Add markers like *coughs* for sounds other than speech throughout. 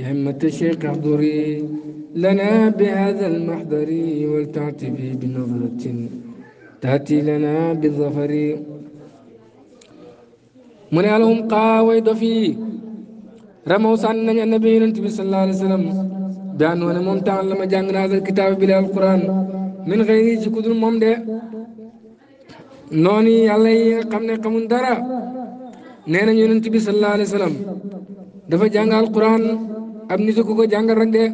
يا يهمة الشيخ احضري لنا بهذا المحضر ولتعتبي بنظرة تأتي لنا بالظفر من لهم قاويد في رمو سنة النبي النبي صلى الله عليه وسلم بأن وانا ممتعن لما جانغ هذا الكتاب بلا القرآن من غير جكدر ممدع نوني علي قمنا قمون دارا نينا ينتبي صلى الله عليه وسلم دفا جانغ القرآن ab nit ku ko jàngal rek de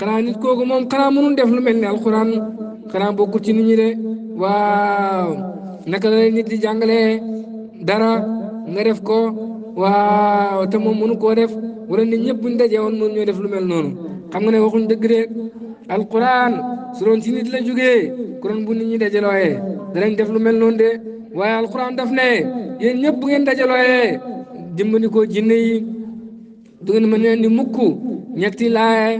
xanaa nit kooku moom xanaa mënul def lu mel ni alxuraan xanaa bokkul ci nit ñi de waaw naka la nit di jàngalee dara nga def ko waaw te moom mënu koo def wala nit ñëpp buñ dajee woon mënu ñoo def lu mel noonu xam nga ne waxuñ dëgg de alxuraan su doon ci nit la jógee kuran bu nit ñi dajalooyee danañ def lu mel noonu de waaye alxuraan daf ne yéen ñëpp bu ngeen dajalooyee dimbali ko jinne yi du ngeen mën a indi mukk ñetti laay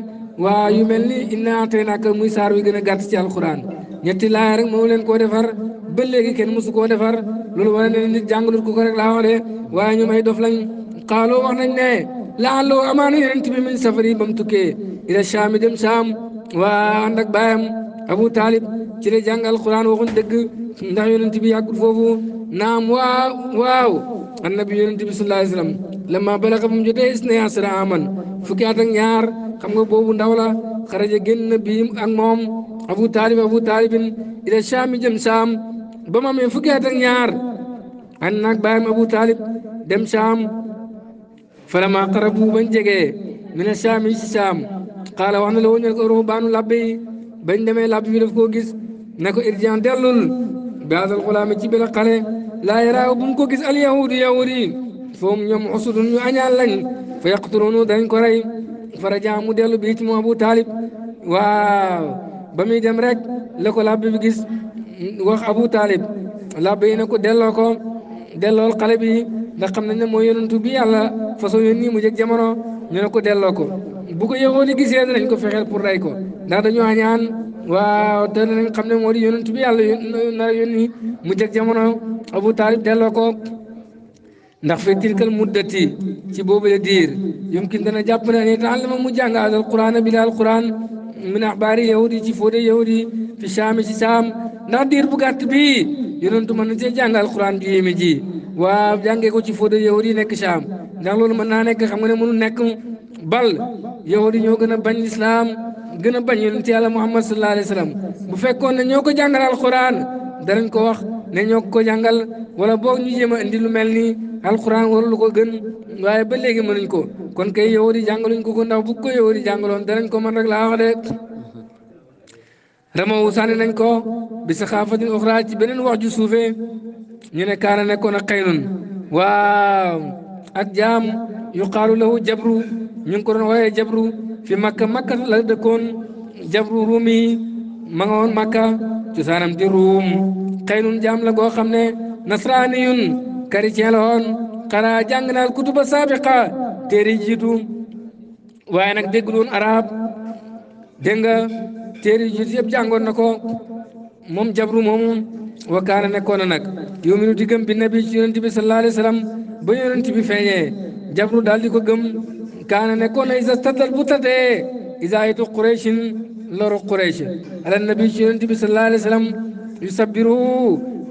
waa yu mel ni inna ataynaaka muy saar wi gën a gàtt ci alquran ñetti laay rek moo leen koo defar ba léegi kenn mosu koo defar loolu wane ne nit jàngalut ko ko rek laa wax de waaye ñoom ay dof lañ xaaloo wax nañ ne laalloo amaana yonent bi min safari ba mu tukkee ila saami dem saam waa ànd ak baayam abu taalib ci la jàng alquran waxuñ dëgg ndax yonent bi yàggul foofu naam waaw waaw annabi yonente bi sallallahu alayhi wasallam lamma balaga ba mu jotee isnay asra aman fukki at ak xam nga boobu ndaw la xaraja génn na bii ak moom abu taalib abu taalibin ila saami jëm saam ba mu amee fukki at ak ñaar ànd naag abu taalib dem saam falama qarabu bañ jegee mina saam si saam xaala wax na la woñal ko ruhbaanu labbe yi bañ demee labbe bi daf koo gis na ko irjaan dellul baasal xulaami ci bela xale laa yaraaw bu mu ko gis al yahudu yahud yi foom ñoom usudun ñu añaan lañ fa yaqtuluunu dañ ko rey faraja mu dellu bi ci mu abu taalib waaw ba muy dem rek la ko labbe bi gis wax abu taalib labbe yi ne ko delloo ko dellool xale bi ndax xam nañ ne mooy yonantu bi yàlla façon yoon nii mu jëg jamono ñu ne ko delloo ko bu ko yahudi gisee danañ ko fexeel pour rey ko ndax dañoo añaan waaw te li nga xam ne moo di yonent bi yàlla nar a yónni mu jeg jamono Abu Taalib delloo ko ndax fi tilkal muddati ci boobu la diir yumkin dana jàpp ne ne taallama mu jàng al Quraan bi daal Quraan min axbaari yahudi ci fóode yahudi fi saami ci saam ndax diir bu gàtt bii yonentu mën na cee jàng al Quraan ji yéeme ji waaw jàngee ko ci fóode yahudi nekk saam ndax loolu mën naa nekk xam nga ne mënu nekk bal yahudi ñoo gën a bañ lislaam gën a bañ yonent yàlla muhammad sallallahu alayhi wa sallam bu fekkoon ne ñoo ko jàngal alquran danañ ko wax ne ñoo ko jàngal wala boog ñu jéem a indi lu mel ni alquran warul ko gën waaye ba léegi mënuñ ko kon kay yow di jàngaluñ ko ko ndax bu ko yow di jàngaloon danañ ko mën rek laa wax de ramawu sànni nañ ko bi saxaafatin uxra ci beneen wax ju suufee ñu ne kaana nekkoon ak xaynun waaw ak jaam yu xaaru lahu jabru ñu ko doon wooyee jabru fi makka makka la dëkkoon jabru ruumi ma nga woon makka cosaanam di ruum xëynun jaam la goo xam ne nasraaniyun chrétien la woon xanaa jàng naal kutuba saabiqa téere jiitu waaye nag dégg doon arab dégg nga téere jiitu yëpp jàngoon na ko moom jabru moomu wakaana nekkoon na nag yominu di gëm bi nabi ci yonent bi sallallahu alayhi wa sallam ba yonent bi feeñee jabru daal di ko gëm kaana nekkoon na isa statal bu tatee isaayitu qurayshin loru quraysh ala nabi ci yonent bi sallallahu alayhi yu sabbiru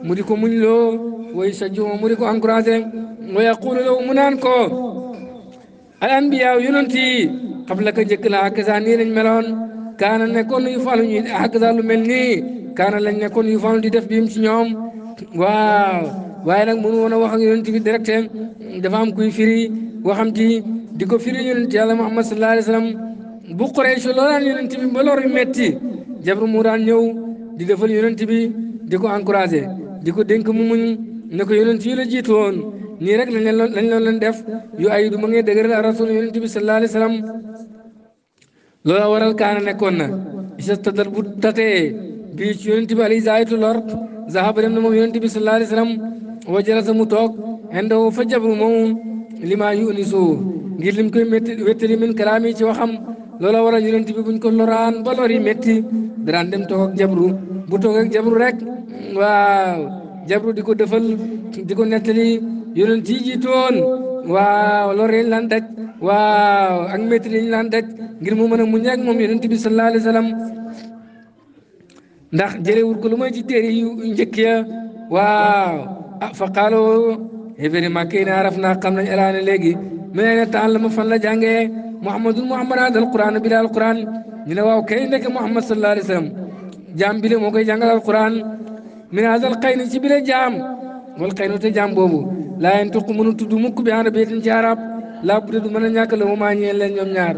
mu di ko muñ loo way sajjuma mu ko encouragé wa yaqulu loo mu naan ko al anbiya yonent yi qabla ka njëkk la hakaza nii lañ meloon kaana nekkoon na yu faalu ñuy hakaza lu mel nii kaana lañ nekkoon yu faalu di def biim ci ñoom waaw waaye nag mënu woon a wax ak yonent bi direct firi waxam di ko firi yonent yàlla Muhammad sallallahu alayhi wa sallam bu Quraysh loolaan yonent bi ba lor yu metti jabru mu daan ñëw di defal yonent bi di ko encouragé di ko dénk mu muñ ne ko yonent yi la jiitu woon nii rek ne leen lañ leen leen def yu ay du ma ngay dëgëral a rasul wa waral kaana nekkoon na istadal bu tatee bii ci yonent bi ali zaytu zahaba dem na moom yonent bi sallallahu alayhi wa sallam wa jalasa mu toog xendoo fa jabru moomu limaa yu ni ngir lim koy métti wéttali min kalaam yi ci waxam loola waral yonent bi buñ ko loraan ba lor yi métti daraan dem toog ak jabru bu toog ak jabru rek waaw jabru di ko defal di ko nettali yonent yi jiitu woon waaw lor yi lan daj waaw ak métti yi lan daj ngir mu mën a muñ moom yonent bi sallallahu alayhi wa ndax jëlewul ko lu may ci téere yu njëkk ya waaw ah fa xaaloo xéféri màkk yi naa raf naa xam nañ alaane léegi mu ne ne taallama fan la jàngee Muhammadun Muhammad hada alquran bi la alquran ñu ne waaw kay nekk Muhammad sallallahu alayhi wa sallam jaam bi la moo koy jàngal alquran min hada alqayni ci bi la jaam wal qaynu te jaam boobu laa yeen tuq mukk bi arabiyatin ci arab laa du mën a ñàkk la mu maa ñeel leen ñoom ñaar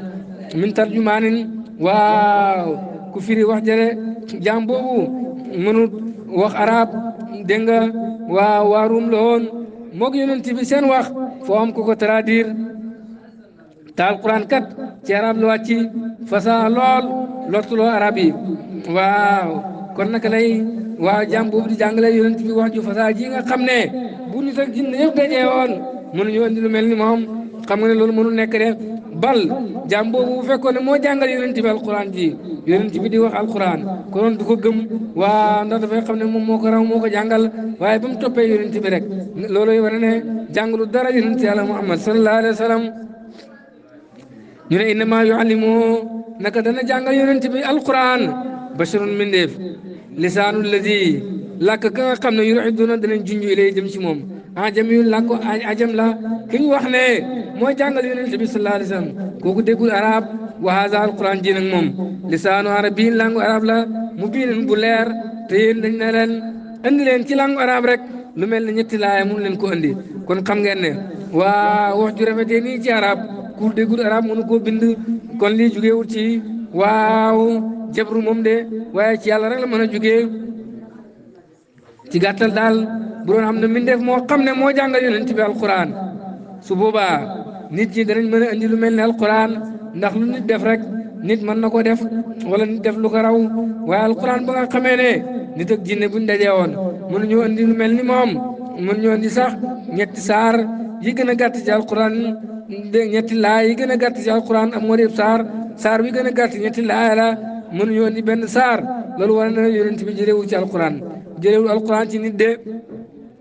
min tarjumaanin waaw ku firi wax jële jaam boobu mënut wax arab dégg waaw waarum la woon moog yonent bi seen wax foo am ku ko traduire te alquran kat ci arab la wàcc fasaa lool lortuloo arab yi waaw kon naka lay waaw jàmm di jàngale yonent bi wax ju fasaa ji nga xam ne bu nit ak jinne yëpp dajee lu mel ni moom xam nga loolu mënu nekk de bal jàmm boobu bu ne moo jàngal yonent bi alquran ji yonent bi di wax alquran konoon du ko gëm waa ndax dafay xam ne moom moo ko raw moo ko jàngal waaye ba mu toppee yonent rek loolooy wane ne jàngalu dara yonent yàlla muhammad sallallahu alayhi ñu ne innama yuallimuhu naka dana jàngal yonent bi alquran basharun mindeef lisaanu lazi lak ka nga xamne ne yuriduuna danañ junj ilay dem ci mom a ajam yu a jam la kiñ wax ne mooy jàngal yonent bi sallallahu alayhi wasallam koku degul arab wa hadha alquran ji nag moom lisaanu arabiyin langu arab la mubin bu leer te yéen dañ na len andi len ci lang arab rek lu melni ne ñetti laaya mun len ko andi kon xam ngeen ne wa wax ju rafetee nii ci arab kuul déggul arab mënu koo bind kon lii jugewul ci waw jabru mom de waye ci yalla rek la meuna a ci gatal dal bu ron amna min def mo xamne mo jangal jàngal bi alquran su boba nit ñi dañu meuna andi lu melni alquran ndax lu nit def rek nit man nako def wala nit def lu ko raw waaye alquran ba nga xamee ne nit ak jinne buñ won meun ñu andi lu mel ni meun ñu andi sax ñetti sar yi gëna gatt ci alquran dégg ñetti laa yi gën a gàtt ci alquran am moo di saar saar bi gën a gàtt ñetti laa la mënuñu woon di benn saar loolu war na yonent bi jëlewu ci alquran jëlewu alquran ci nit de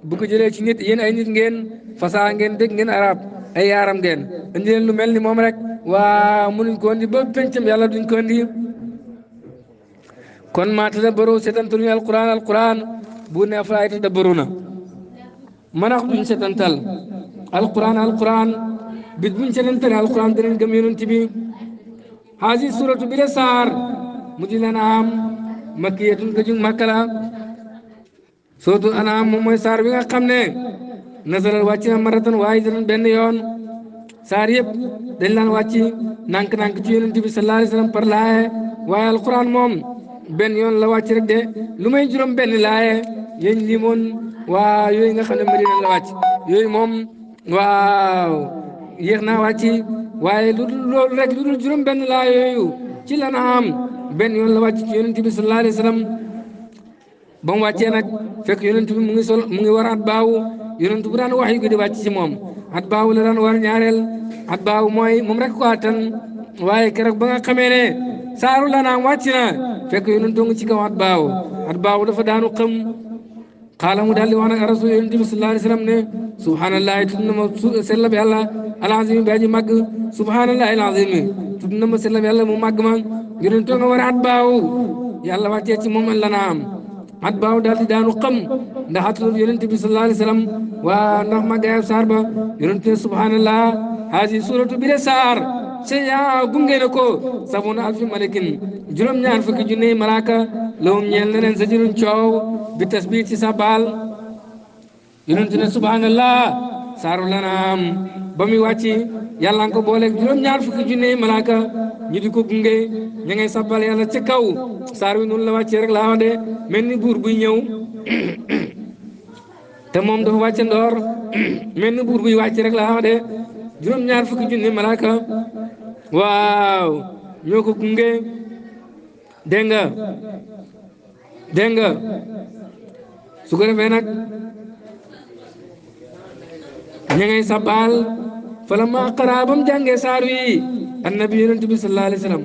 bu ko jëlee ci nit yéen ay nit ngeen fasaa ngeen dégg ngeen arab ay yaaram ngeen indi leen lu mel ni moom rek waa mënuñ ko indi ba pencam yàlla duñ ko indi kon maa tadabbaru setantal ñu alquran alquran bu ne afalaa tadabbaru na manax duñ setantal alquran alquran bis buñ selentane alquran danañ gëm yonent bi haasi suratu bi la saar mu di lan am makkiyatun ka jug makka la suratul anam moom mooy saar bi nga xam ne nasalal wàcc na maratan waaye danañ benn yoon saar yëpp dañ laan wàcci nànk-nànk ci yonent bi sallallahu alayhi wa sallam par laaye waaye alquran moom benn yoon la wàcc rek de lu may juróom benn laaye yéen limoon waa yooyu nga xam ne madina la wàcc yooyu moom waaw yéex naa wàcci waaye lu loolu rek lu dul juróom benn laa yooyu ci la na am benn yoon la wàcc ci yonent bi sallallahu alayhi wa sallam ba mu wàccee nag fekk yonent bi mu ngi sol mu ngi war at baawu yonent bu daan wax yu gi di wàcc ci moom at baawu la daan war ñaareel at baawu mooy moom rek ko attan waaye keroog ba nga xamee ne saaru la naam wàcc na fekk yonent ngi ci kaw at baawu at baawu dafa daanu xam xaala mu daal di wax nag rasul yonent bi sallallahu alayhi wasallam ne subhanallahi tudd na ma sellab yàlla alazimi bi aji màgg subhanallahi alazimi tudd na ma sellab yàlla mu màgg ma yonent nga war a at baaw yàlla wàccee ci moom la naam at baaw daal di daanu xam ndax atul yonent bi sallallahu alayhi wasallam waa ndax saar ba yonent ne subhanallah haasi suratu saar shaja ah, gunge na ko sabuna alfi malakin juróom-ñaar fukki junney malaaka lawum ñeel na leen sa jëruñ coow bi tasbih ci sa baal yonent ne subhanallah saaru lanaam ba muy wàcci yàlla nga ko booleeg juróom-ñaar fukki junne malaaka ñu di ko gunge ña ngay sabbal ci kaw saar wi noonu la wàccee rek la wax de mel ni buur buy ñëw *coughs* te moom dafa wàcce ndoor *coughs* mel ni buur buy wàcce rek laa wax de juróom ñaar fukki junni malaaka waaw ñoo ko gunge dégg nga dégg nga su ko fala ma xaraa ba mu jàngee saar wi annabi yonent bi sallallahu alayhi wa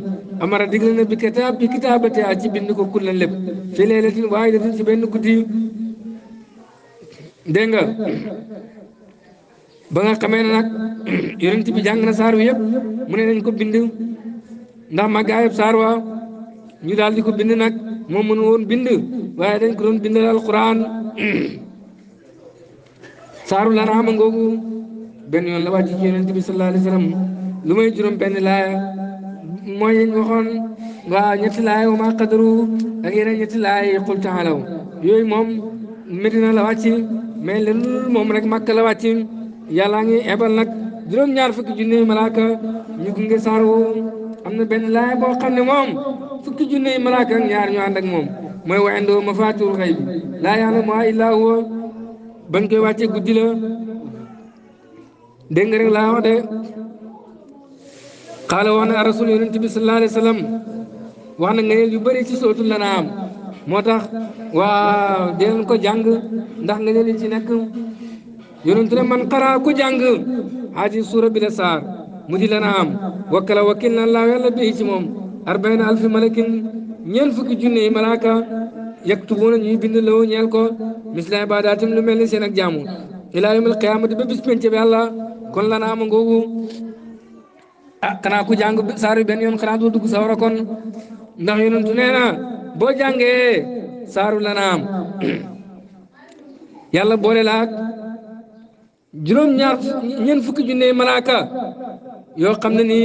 amara digle na bi kitaab bi kitaabati a ci bind ko kullan lépp fi leelatin waaye datin ci benn guddi dégg nga ba nga xamee ne nag *clears throat* yonent na saar wi yëpp mu ne nañ ko bind ndax màggaayab saar wa ñu daal di ko bind nag moom mënu woon bind waaye dañ ko doon bindal alquran *clears throat* saaru laraama ngoogu benn yoon la wàcc ci yonent bi sallallahu alayhi wa sallam lu may juróom benn laaya mooy ñu waa ñetti laay wa maa qadaru ak yeneen ñetti laay qul taalaw yooyu moom Medina la wàcc mais lenul moom rek Makka la wàcc yàllaa ngi ebal nag juróom-ñaar fukki junne malaaka ñu gunge woowu am na benn laay boo xam ne moom fukki junne malaaka ñaar ñu ànd ak moom mooy wa indoo mafaatihul xayb laa ya'lamuhaa illaa huwa bañ koy wàccee guddi la dégg nga rek laa wax de xaala wax na rasul yonent bi sallallahu alayhi wa sallam wax na ngëneel yu bëri ci sootul la naa am moo tax waaw dinañ ko jàng ndax ngëneel yi ci nekk yonent ne man xaraa ku jàng haaji suura bi la saar mu di lana am wakkala wakkil na laaw yàlla bi ci moom arbaina alfi malakin ñeen fukki junne yi malaaka yaktubuuna ñuy bind lawo ñeel ko misla ibadatim lu mel ni seen ak jaamu ilaa yawmil qiyaamati ba bis kon lana ama ngoogu ah xanaa ku jàng saar bi benn yoon xanaa doo dugg sawara kon ndax yonent nee na boo jàngee saaru lana am *clears throat* yàlla boole laak juróom-ñaar ñeent fukki junne malaaka yoo xam ne ni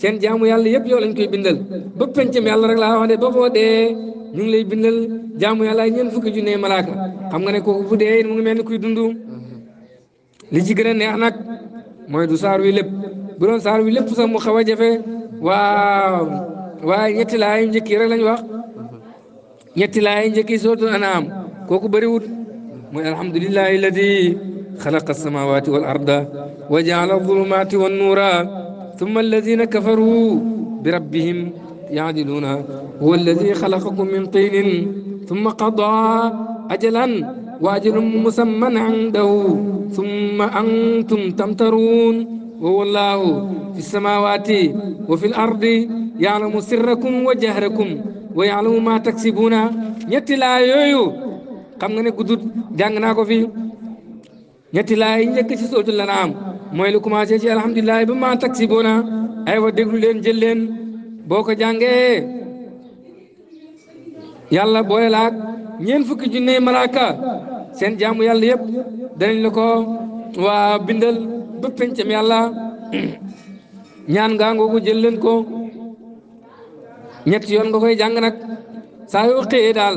seen jaamu yàlla yëpp yow lañ koy bindal ba pencam yàlla rek laa wax de ba dee ñu ngi lay bindal jaamu yàlla ñeent fukki junne malaaka xam nga ne kooku bu dee mu ngi mel ni kuy dund li ci gën a neex nag mooy du saar wi lépp bu saar wi lépp sax mu xaw a jafe waaw waaye ñetti laa yu njëkk yi rek lañ wax ñetti laa yu njëkk yi sootul anaam kooku bëriwut mooy alhamdulillahi ladi خلق السماوات والأرض وجعل الظلمات والنور ثم الذين كفروا بربهم يعدلون هو الذي خلقكم من طين ثم قضى أجلا وأجل مسمى عنده ثم أنتم تمترون وهو الله في السماوات وفي الأرض يعلم سركم وجهركم ويعلم ما تكسبون يتلا يويو yooyu xam nga في ñetti laay yi njëkk ci sootul la naam mooy lu commencé ci alhamdulilah ba maa taxi boona ay wa déglu leen jël leen boo ko jàngee yàlla boole laak ñeent fukki junne malaaka seen jaamu yàlla yëpp danañ la ko waa bindal ba pencam yàlla ñaan ngaa ngoogu jël leen ko ñetti yoon nga koy jàng nag saa yoo xëyee daal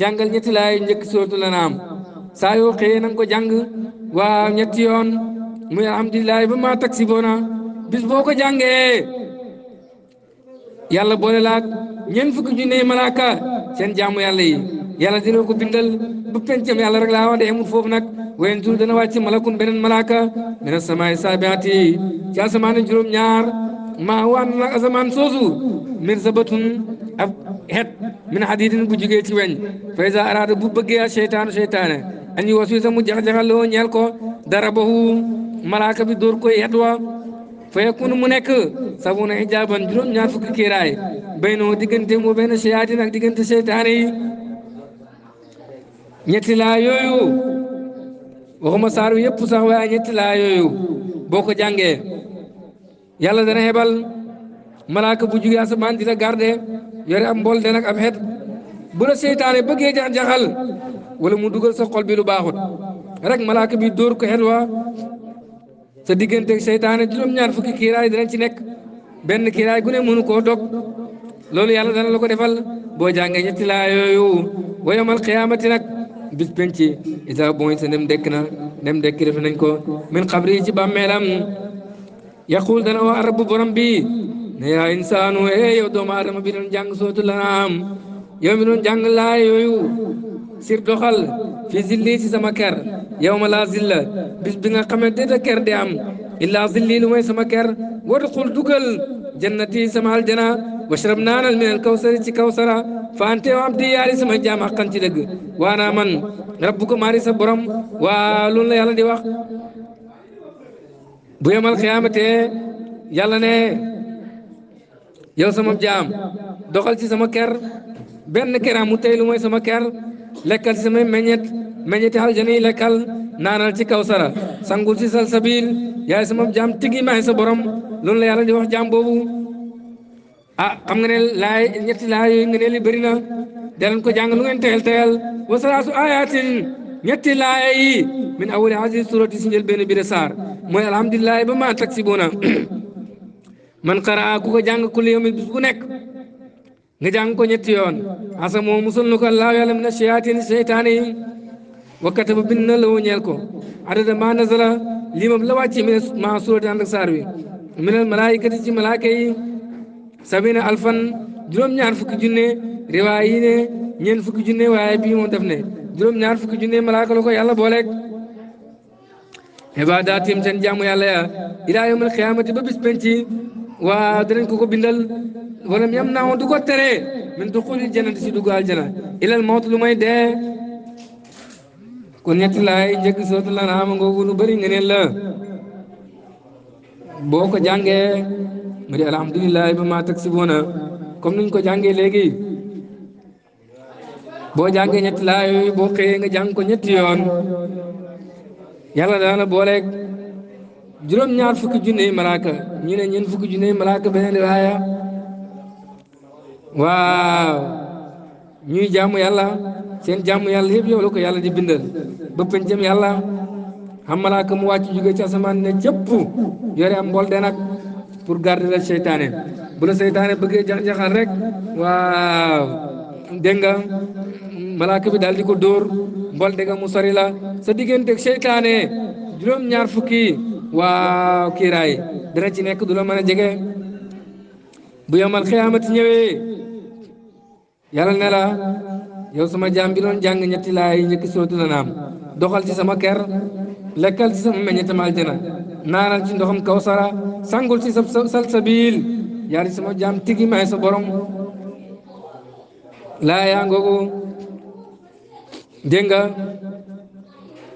jàngal ñetti laay njëkk sootul la naam saa yoo xëyee na ko jàng waa ñetti yoon muy alhamdulilah ba maa taxi boona bis boo ko jàngee yàlla boole laak ñeent fukki junne malaaka seen jaamu yàlla yi yàlla dina ko bindal ba pencam yàlla rek laa wax de amul foofu nag wayen tur dana wàcc malakun beneen malaaka mina samaay saabiati ci asamaan juróom-ñaar maa waan nag asamaan soosu mir sabatun ab xet min xadidin bu jugee ci weñ faysa araada bu bëggee a seytaanu an yu sa mu jax-jaxal loo ñeel ko darabahu malaaka bi dóor koy yet wa fa yakunu mu nekk sabuna hijaaban juróom ñaar fukki kiiraay baynoo diggante moo benn seyaatin ak diggante seytaane yi ñetti laa yooyu waxuma saaru yëpp sax waaye ñetti laa yooyu boo ko jàngee yàlla dana hebal malaaka bu jugee asamaan dina garde yore ab mbool den ab xet bu la seytaane bëggee jax-jaxal wala mu dugal sa xol bi lu baaxut rek malaaka bi door ko xelwa sa diggante seytaane juróom-ñaar fukki kiiraay dinañ ci nekk benn kiiraay gu ne mënu koo dog loolu yàlla dana la ko defal boo jàngee ñetti laa yooyu wa yawmal qiyaamati nag bis penc isa boñ sa nem dekk na nem dekk nañ ko min xabri ci bàmmeelam yaqul dana waa rabbu borom bi ne yaa insaanu e yow doomu aadama bi doon jàng sootu lanaam yow mi doon jàng laa sir doxal fi zilli si sama ker yow ma laa zilla bis nga xamante ne ker di am illaa zilli lu sama ker wadxul dugal jannati sama aljana washrab naanal minal kawsari ci kawsara fa ante wa abdi sama jaam xaqan ci dëgg waanaa man rabbuka maari sa borom wa loolu la yàlla di wax bu yemal xiyaamatee yàlla ne yow sama jaam doxal ci sama ker benn keraam mu tey lu mooy sama ker लेकल समय मेनियत मेनियत हाल जने लेकल नारल ची कौसर संगुची सल सबील या सम जाम टिगी मा हिस बरम लुन ले यारन जो जाम बोबू आ कम ने लाय नेत लाय ने ली बरीना दलन को जांग लुन टेल टेल वसरासु आयातिन नेत लाय मिन अवल हाजी सूरत सिंजल बेन बिरसार मो अलहमदुलिल्लाह बमा तक्सीबोना *clears throat* मन करा कुको जांग कुल यौम Vishu nga jàng ko ñetti yoon asa moo musul nu ko laaw yàlla mina shayaatin seytaane yi wa kataba bind na la ñeel ko adada ma nazala limam la wàcce mine ma suurati ànd ak saar wi minal malaayikati ci malaaka yi sabina alfan juróom-ñaar fukki junne riwaay yi ne ñeent fukki junne waaye bii moom def juróom-ñaar fukki junne malaaka la ko yàlla booleeg ibaadaatim seen jaamu yàlla ya ilaa yawmal qiyaamati ba bis penci waa danañ ko ko bindal wala yam naa woon du ko teree min duxuli jannati si dugg aljana ilal mawt lu may dee kon ñetti laay njëkk soota la naama ngoogu lu bëri nga la boo ko jàngee ma di alhamdulilah ba maa tag boona comme niñ ko jàngee léegi boo jàngee ñetti laay boo xëyee nga jàng ko ñetti yoon yàlla daana juróom-ñaar fukki junney malaaka ñu ne ñeent fukki junney malaaka beneen riwaaya waaw ñuy jaamu yàlla seen jaamu yàlla yëpp yow la ko yàlla di bindal ba jëm yàlla xam malaaka mu wàcc jóge ci asamaan ne cëpp yore am mbool de nag pour garder la seytaane bu la seytaane bëggee jax-jaxal rek waaw dégg nga malaaka bi daal di ko dóor mbool de nga mu sori la sa digganteeg seytaane juróom-ñaar fukki waaw kiiraay dana ci nekk du la mën a jege bu yomal xiyaamati ñëwee yàlla ne la yow sama jaam bi doon ñetti laay njëkk sootu na naam doxal ci sama ker lekkal ci sama meññetam aljana naanal ci ndoxam kawsara sangul ci sa salsabil yàlla sama jaam tigi may sa borom laa yaa ngoogu dégg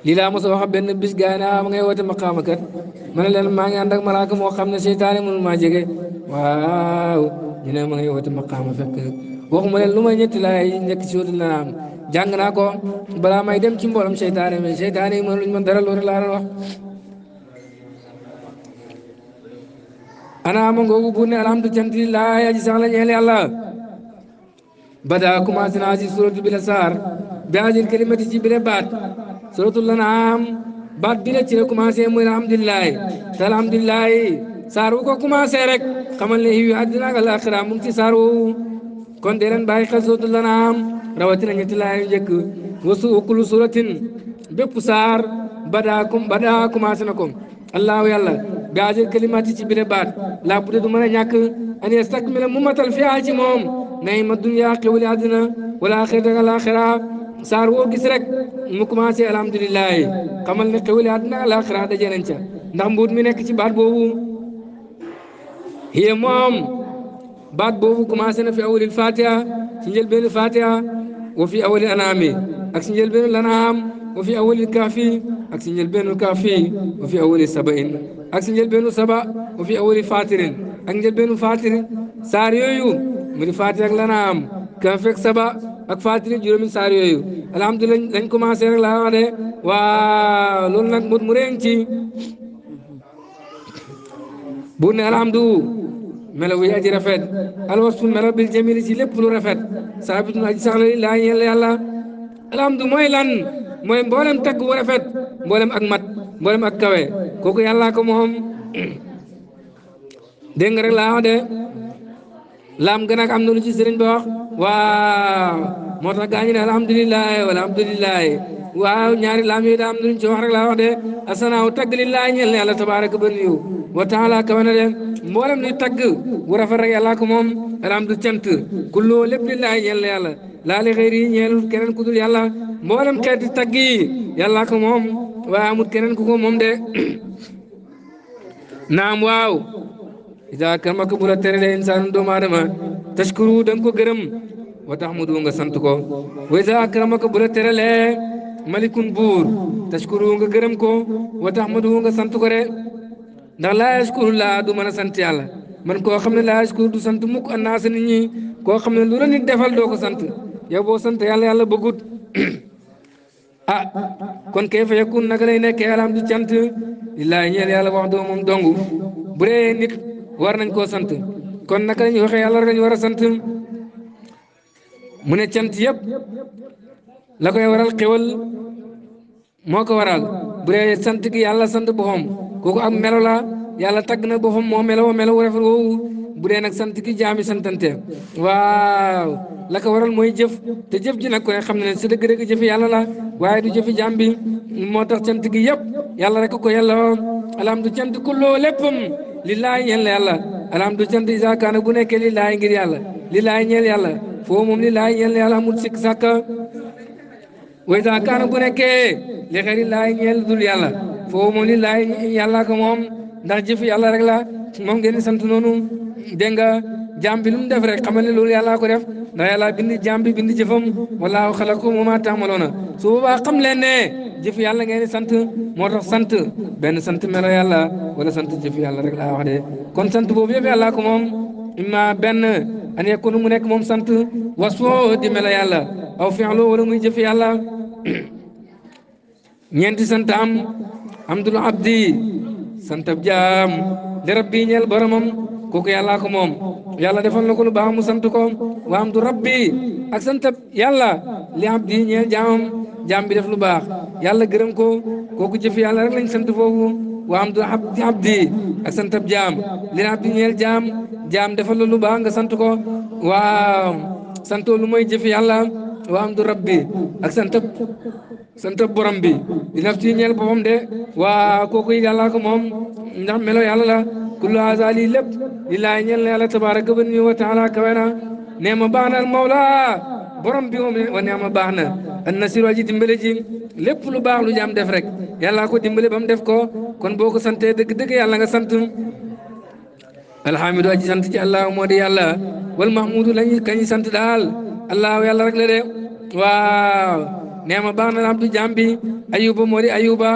lii laa mos a wax benn bis gaa yi ah, ma ngay kat ma ne leen maa ngi ànd ak malaaka moo xam ne seytaane mënul maa jege waaw ñu ne ma ngay woote maqaama fekk waxuma leen lu may ñetti laay nekk si woote naa am jàng naa ko balaa may dem ci mboolem seytaane mais seytaane yi mënuluñ man dara loolu laa doon wax. ana ma ngoogu bu ne alhamdulilah aji sax la ñeel badaa commencé si suuratu bi la saar bi ajil kalimati ci bi suratul an'am baat bi la ci la commencé muy alhamdulilahi te alhamdulilahi saar wu ko commencé rek xamal ne xiyu àddina ak alaxira mu ci saar woowu kon dee leen bàyyi xel suratul an'am rawatina ñetti laay yu njëkk wasu ukulu saar badaa com badaa na ko allahu yàlla bi ajal kalimati ci bile baat laa bu dee du a ñàkk an yastakmila mu matal fiyaa ci moom nay ma dunya xewali àddina wala axirata ak alaxira saar woo gis rek mu commencé alhamdulilahi xamal ne xewali àdduna alaxira daje nañ ca ndax mbuut mi nekk ci baat boobu hiya moom baat boobu commencé na fi awalil fatiha ci njëlbeenu fatiha wa fi awalil anaami ak si njëlbeenu lanaam wa fi awalil kaafi ak si njëlbeenu kaafi wa fi awalil sabain ak si njëlbeenu saba wa fi awalil fatirin ak njëlbeenu fatir saar yooyu mu di fatiha ak lanaam kaafeeg saba ak faatiri juróomi saar yooyu alhamdulilah lañ commencé nag laa wax de waaw loolu nag mut mu réeng ci bu ne alhamdu melaw yi aji rafet alwasfu melaw bil jamili ci lépp lu rafet saabitun aji saxla li laa yàlla yàlla alhamdu mooy lan mooy mboolem tagg bu rafet mboolem ak mat mboolem ak kawe kooku yàllaa ko moom dégg nga rek laa wax de laam gën am na lu ci sëriñ ba waaw moo tax gaañu ne alhamdulilah walhamdulilah waaw ñaari laam yooyu daa am nañu ci wax tagg lillahi ñeel ne yàlla tabaraka ba niyu wa taala kawe de mboolem ni tagg bu rafet rek moom alhamdu cant kulloo lépp lillahi ñeel ne yàlla laa li xëyri ñeel keneen ku dul yàlla mboolem xeeti tagg yi yàllaa moom waaye amut keneen ku ko moom de *coughs* naam waaw ida kamaka bu la tere de insaanu doomu aadama tashkuru da nga ko gërëm wa taxmudu nga sant ko wa iza akramaka bu la teralee malikun buur tashkuru nga gërëm ko wa taxmudu nga sant ko re ndax laa yashkuru laa du mën a sant yàlla man ko xam ne laa yashkuru du sant mukk annaasa nit ñi koo xam ne lu la defal doo ko sant yow boo sant yàlla yàlla bëggut *clears throat* ah kon kay fa yakun naka lay nekkee alhamdu cant lillaahi ñeel yàlla wax doo moom dong bu nit war nañ koo sant kon naka la ñuy waxee yàlla rek la war a sant mu ne cant yëpp la koy waral xéwal moo ko waral bu dee sant gi yàlla sant boppam kooku am melo la yàlla tagg na boppam moo melowo melo wu rafet woowu bu dee nag sant gi jaami santante waaw la waral mooy jëf te jëf ji nag ko ne xam ne si dëgg-dëgg jëfi yàlla la waaye du jëfi jaam moo tax cant gi yëpp yàlla rek ko yàlla alhamdu cant kulloo léppam lillaahi ñeel na yàlla alhamdu cant isa kaana bu nekkee lillaahi ngir yàlla lillaahi ñeel yàlla foo moom lillaahi ñeel na yàlla amul sikk sàkk wa isa kaana bu nekkee li xeri lillaahi ñeel dul yàlla foo moom lillaahi yàlla ko moom ndax jëf yàlla rek la moom ngeen di sant noonu dégg nga jaam lu mu def xamal ne loolu yàllaa ko def ndax yàlla bind jaam bi bind jëfam wallaahu xalakum wa maa taamaloona su xam leen jëf yàlla ngeen sant moo tax sant benn sant melo yàlla wala sant jëf yàlla rek laa wax de kon sant boobu yëpp yàlla ko moom imma benn an yakunu mu nekk moom sant wasfoo di melo yàlla aw fi'lu wala muy jëf yàlla *clears throat* ñeenti sant am hamdul abdi sant ab li rabbi ñeel boromam koku yalla ko mom yalla defal nako lu baamu sant ko wa rabbi ak sant yalla li di ñeel jam, jaam bi def lu baax yalla gërem ko koku jëf yalla rek lañ sant fofu wa abdi ak sant jaam li abdi ñeel jaam jaam defal la lu baax nga sant ko wa santo lu moy jëf yalla wa rabbi ak sant sant borom bi li nafti ñeel bopam de wa koku yalla ko mom ndax melo yalla la kullu haza lii lépp lillaahi ñeel na yàlla tabaaraka ba nuyu wa taala kawe na nee ma baax na borom bi moom wa nee ma baax na an nasiru aji dimbale ji lépp lu baax lu jaam def rek yàlla ko dimbale ba mu def ko kon boo ko santee dëgg dëgg yàlla nga sant alhamidu aji sant ci allah moo di yàlla wal mahmudu lañu kañu sant daal allah yàlla rek la de waaw nee ma baax na abdu jaam bi ayuba moo di ayuba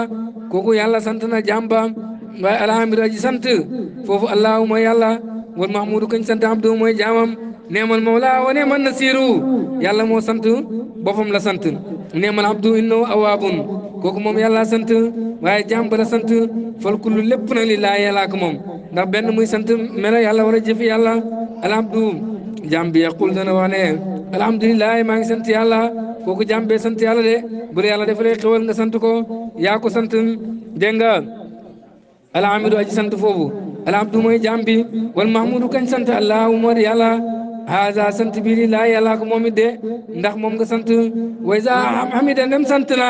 kooku yàlla sant na jaam ba waaye alhamdu aji sant foofu allahu mooy yàlla wal mahmudu kañ sant abdu mooy jaamam neemal mawla wa na nasiru yàlla moo sant boppam la sant neemal abdu innahu awaabun kooku moom yàlla sant waaye jaam ba la sant fal kullu lépp na lillaahi yàlla ko moom ndax benn muy sant mela yàlla war a jëf yàlla alhamdu jaam bi yaqul dana wax ne alhamdulilah maa ngi sant yàlla kooku jaam sant yàlla de bu yàlla dafa lay nga sant ko yaa ko sant dégg alamidu aji sant foofu alabdu mooy jaam wal mahmudu kañ sant allahu moo di yàlla sant bi lillahi yàlla ko moom de ndax moom nga sant way za hamida ndem sant na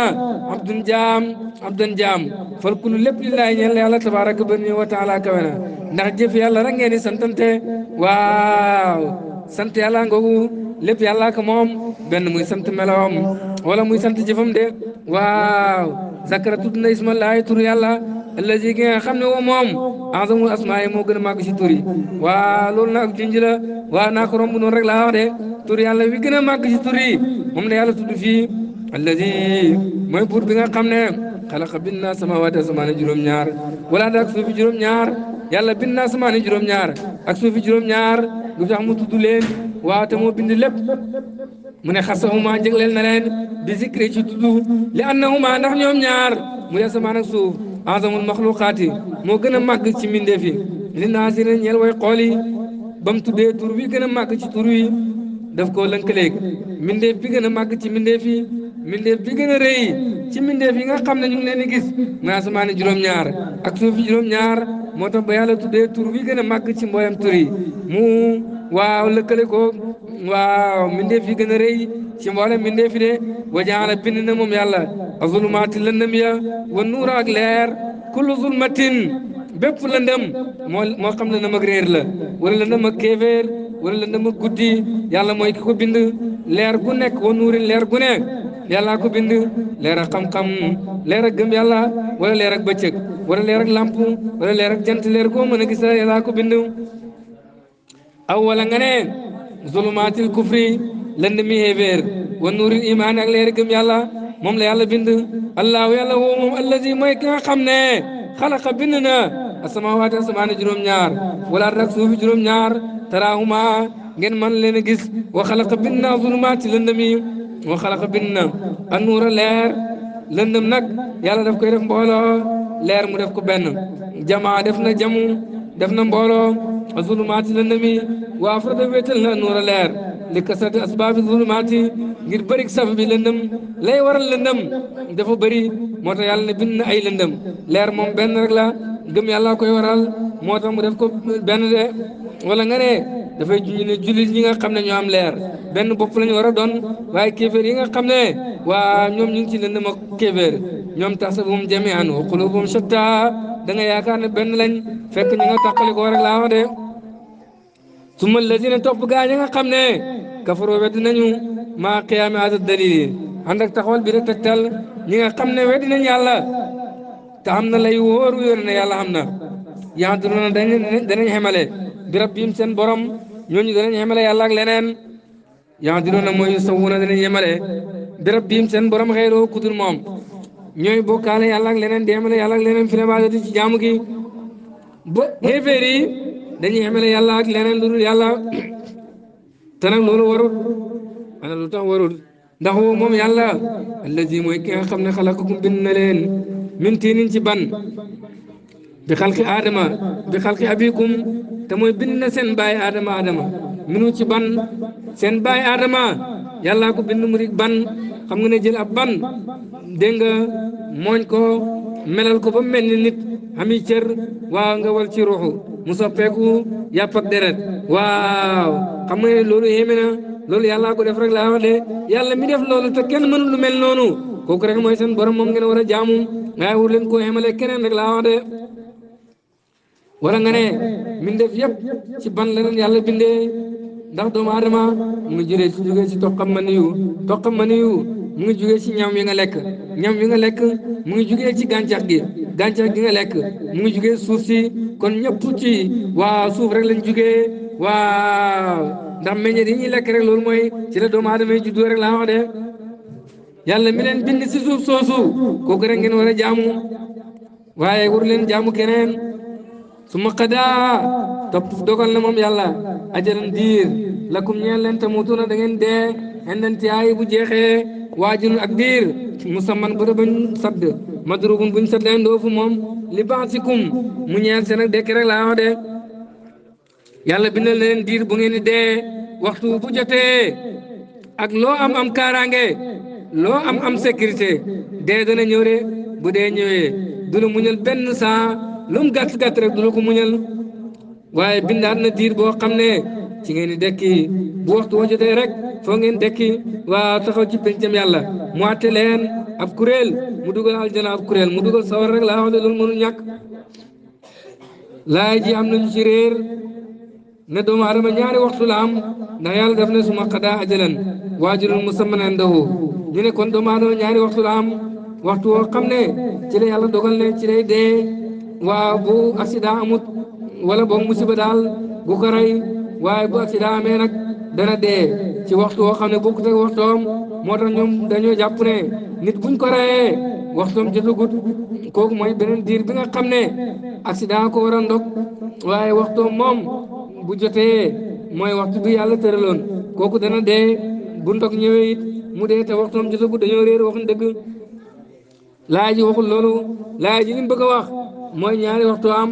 abdun jaam abdun jaam fal kullu lépp lillahi ñeel yàlla tabaraka bani wa taala kawe na ndax jëf yàlla rek ngeen di santante waaw sant yàlla ngoogu lépp yàlla ko moom benn muy sant melawam wala muy sant jëfam de waaw zakara tudd na ismallahi tur yàlla allazi gi nga xam ne woo moom azamul asmaa yi moo gën a màgg si tur yi waa loolu nag junj la waa naa ko romb rek laa wax de tur yàlla wi gën a màgg si tur moom la yàlla tudd fii allazi mooy buur bi nga xam ne xalaqa bind naa samaawaati asamaani juróom-ñaar wala ak suufi juróom-ñaar yàlla bind naa asamaani juróom-ñaar ak suufi juróom-ñaar lu tax mu tudd leen waaw te moo bind lépp mu ne xasahuma jégleel na leen bi zikri ci tudd li annahuma ndax ñoom ñaar muy asamaan ak azamul maxluqaat yi moo gën a màgg ci mbindeef yi li naasina ñeel way xool yi ba mu tuddee tur bi gën a màgg ci tur yi daf koo lënkaleeg mbindeef bi gën a màgg ci mbindeef yi mbindeef bi ci mbindeef yi nga xam ne ñu ngi leen di gis muy asamaani juróom-ñaar ak suufi juróom-ñaar moo tax ba yàlla tuddee tur bi gën a màgg ci mbooyam tur yi waaw lëkkale ko waaw mbindeef gën a rëy ci mboolem mbindeef de wa jaala bind na moom yàlla azulumaati lëndëm ya wa nuura ak leer kullu zulmatin bépp lëndëm moo moo xam lëndëm ak réer la wala lëndëm ak kéeféer wala lëndëm ak guddi yàlla moo ki ko bind leer gu nekk wa nuurin leer gu nekk yàllaa ko bind leer ak xam gëm yàlla wala leer ak bëccëg wala leer ak lamp wala leer ak mën a gis yàllaa ko bind أولا غنين ظلمات الكفر لن مي هيفير والنور الإيمان أغلير كم يالا موم لا يالا بند الله يالا هو موم الذي ما كان خمنا خلق بننا السماوات السمان جروم نار ولا رك سوف جروم نار تراهما ngeen man leen a gis wa xalaqa binna zulumaati lëndëm yi wa xalaqa binna annuura leer lëndëm nag yàlla daf koy def mbooloo leer mu def ko benn jamaa def na jamu def na mbooloo azulumaati lëndëmi wa afrada wéetal na nuur a leer li kasrati asbaabi zulumaati ngir bërik saf bi lëndëm lay waral lëndëm dafa bëri moo tax yàlla ne bind na ay lëndëm leer moom benn rek la gëm yàlla koy waral moo tax mu def ko benn de wala nga ne dafay junj ne jullit ñi nga xam ne ñoo am leer benn bopp la ñu war a doon waaye kéeféer yi nga xam ne waa ñoom ñu ngi ci lëndëm ak kéeféer ñoom taxsabuhum jamii'an wa quluubuhum shattaa da nga yaakaar ne benn lañ fekk ñu nga tàqali ko rek laa wax de summa allaziina topp gaa ñi nga xam ne kafaroo wedd nañu maa qiyaami haazaa daliil ànd taxawal bi rek tegtal ñi nga xam ne weddi nañ yàlla te am na lay wóor wóor na yàlla am na yaaduruna danañ xemale bi rabbihim seen borom ñooñu danañ yemale yàlla ak leneen yaa di doon mooy sawuna danañ yemale bi rabbihim seen borom xeyroo ku dul moom ñooy bokkaale yàlla ak leneen di yemale yàlla ak leneen fi gi ba xéeféer yi dañuy yemale yàlla ak leneen lu dul yàlla *coughs* te nag loolu warul ana lu tax warul ndax moom yàlla allazi mooy ki nga xam ne xalaqakum bind na leen min tiinin ci ban bi xalki Adama bi xalki abikum te mooy bind na seen baay Adama Adama minu ci ban seen baay Adama yàllaa ko bind mu ban xam nga ne jël ab ban dégg nga mooñ ko melal ko ba mel ni nit ami cër waaw nga wal ci ruuxu mu soppeeku yàpp ak deret waaw xam nga loolu yéeme na loolu yàllaa ko def rek laa wax de yàlla mi def loolu te kenn mënul lu mel noonu kooku rek mooy seen borom moom ngeen war a jaamu waaye wut koo yemale keneen rek laa wax wala nga ne mbindeef yëpp ci ban la leen yàlla bindee ndax doomu aadama mu ngi juree ci jugee ci toqam ma niyu toqam ma niyu mu ngi jugee ci ñam yi nga lekk ñam wi nga lekk mu ngi jugee ci gàncax gi gàncax gi nga lekk mu ngi juge suuf si kon ñëpp ci waa suuf rek lañ jugee waaw ndax meññeet yi ñuy lekk rek loolu mooy ci la doomu aadama yi juddoo rek laa wax de yàlla mi leen bind si suuf soosu kooku rek ngeen war a jaamu waru leen jaamu keneen. su ma xadaa topp dogal na moom yàlla ajaran diir lakum ñeen leen tamutuuna dangeen ngeen dee xendanti ay bu jeexee waajurun ak diir musamman ba bañ sadd madrubun buñ saddeen doofu moom li baasikum mu ñeel seen ak dekk rek laa wax de yàlla bindal leen diir bu ngeen di waxtu bu jotee ak loo am am kaaraange loo am am sécurité dee dana ñëw de bu dee ñëwee du la muñal benn saa lu mu gàtt gàtt rek dina ko muñal waaye bindaat na diir boo xam ne ci ngeen di dekki bu waxtu woo jotee rek foo ngeen dekki waa taxaw ci pencam yàlla mu àtte leen ab kuréel mu dugal aljana ab kuréel mu dugal sawar rek laa wax de ñàkk laay ji am nañu ci réer ne doomu adama ñaari waxtu la am ndax yàlla daf ne suma xadaa ajalan waajurul musamman indahu ñu ne kon doomu adama ñaari waxtu la am waxtu woo xam ne ci la yàlla dogal ne ci lay dee waaw bu accident amut wala boog musiba daal bu ko rey waaye bu accident amee nag dana dee ci waxtu woo xam ne bokkut ak waxtoom moo tax ñoom dañoo jàpp ne nit buñ ko reyee waxtoom jotagut kooku mooy beneen diir bi xam ne accident ko war a ndog waaye waxtoom moom bu jotee mooy waxtu bi yàlla tëraloon kooku dana dee bu ndog ñëwee mu dee te waxtoom jotagut dañoo réer waxuñ dëgg laaj ji waxul loolu laaj ji wax mooy ñaari waxtu am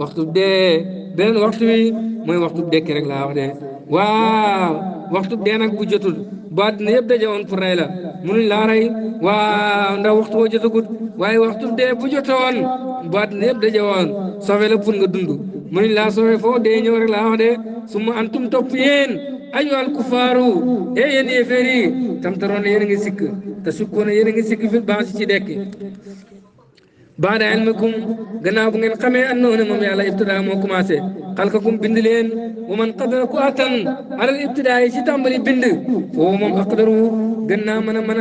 waxtu dee beneen waxtu wi mooy waxtu dekk rek laa wax de waaw waxtu dee nag bu jotul baat àddina yëpp daje woon pour rey la munuñ laa rey waaw ndax waxtu woo jotagut waaye waxtu dee bu jotoon bu àddina yëpp da woon sofe la pour nga dund munuñ laa sofe foo dee ñëw la wax de su ma antum topp yéen ayyuhal kufaaru ee yéen yéeféer yi tam taroon yéen a ngi sikk te sukkoon yéen a ngi sikk fi baasi ci dekk baada ilmikum gannaaw bu ngeen xamee annoo ne moom yàlla ibtidaa moo commencé xalkakum bind leen wa man qadara ku attan alal ibtidaa yi ci tàmbali bind foofu moom aqdaru gën naa mën a mën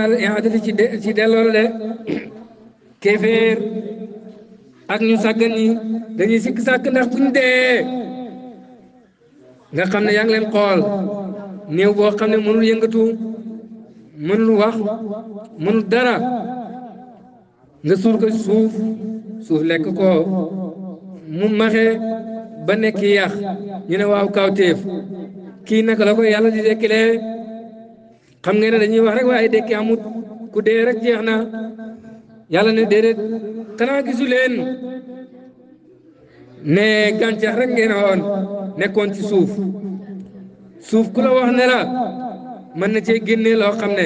ci ci delloo la de kéeféer ak ñu sàggan ñi dañuy sikk sàkk ndax buñ dee nga xam ne yaa ngi leen xool néew boo xam ne mënul yëngatu mënul wax mënul dara nga suul ko suuf suuf lekk ko mu maxe ba nekk yàq ñu ne waaw kawteef kii naka la ko yàlla di dekkilee xam ngeen ne dañuy wax rek waaye dekki amut ku dee rek jeex na yàlla ne déedéet xanaa gisu leen ne gàncax rek ngeen woon nekkoon ci suuf suuf ku la wax ne la mën na cee génnee loo xam ne